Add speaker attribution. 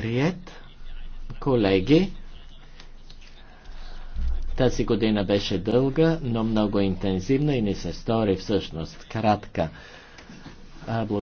Speaker 1: прият. Колеги, тази година беше дълга, но много интензивна и ни се стори всъщност кратка.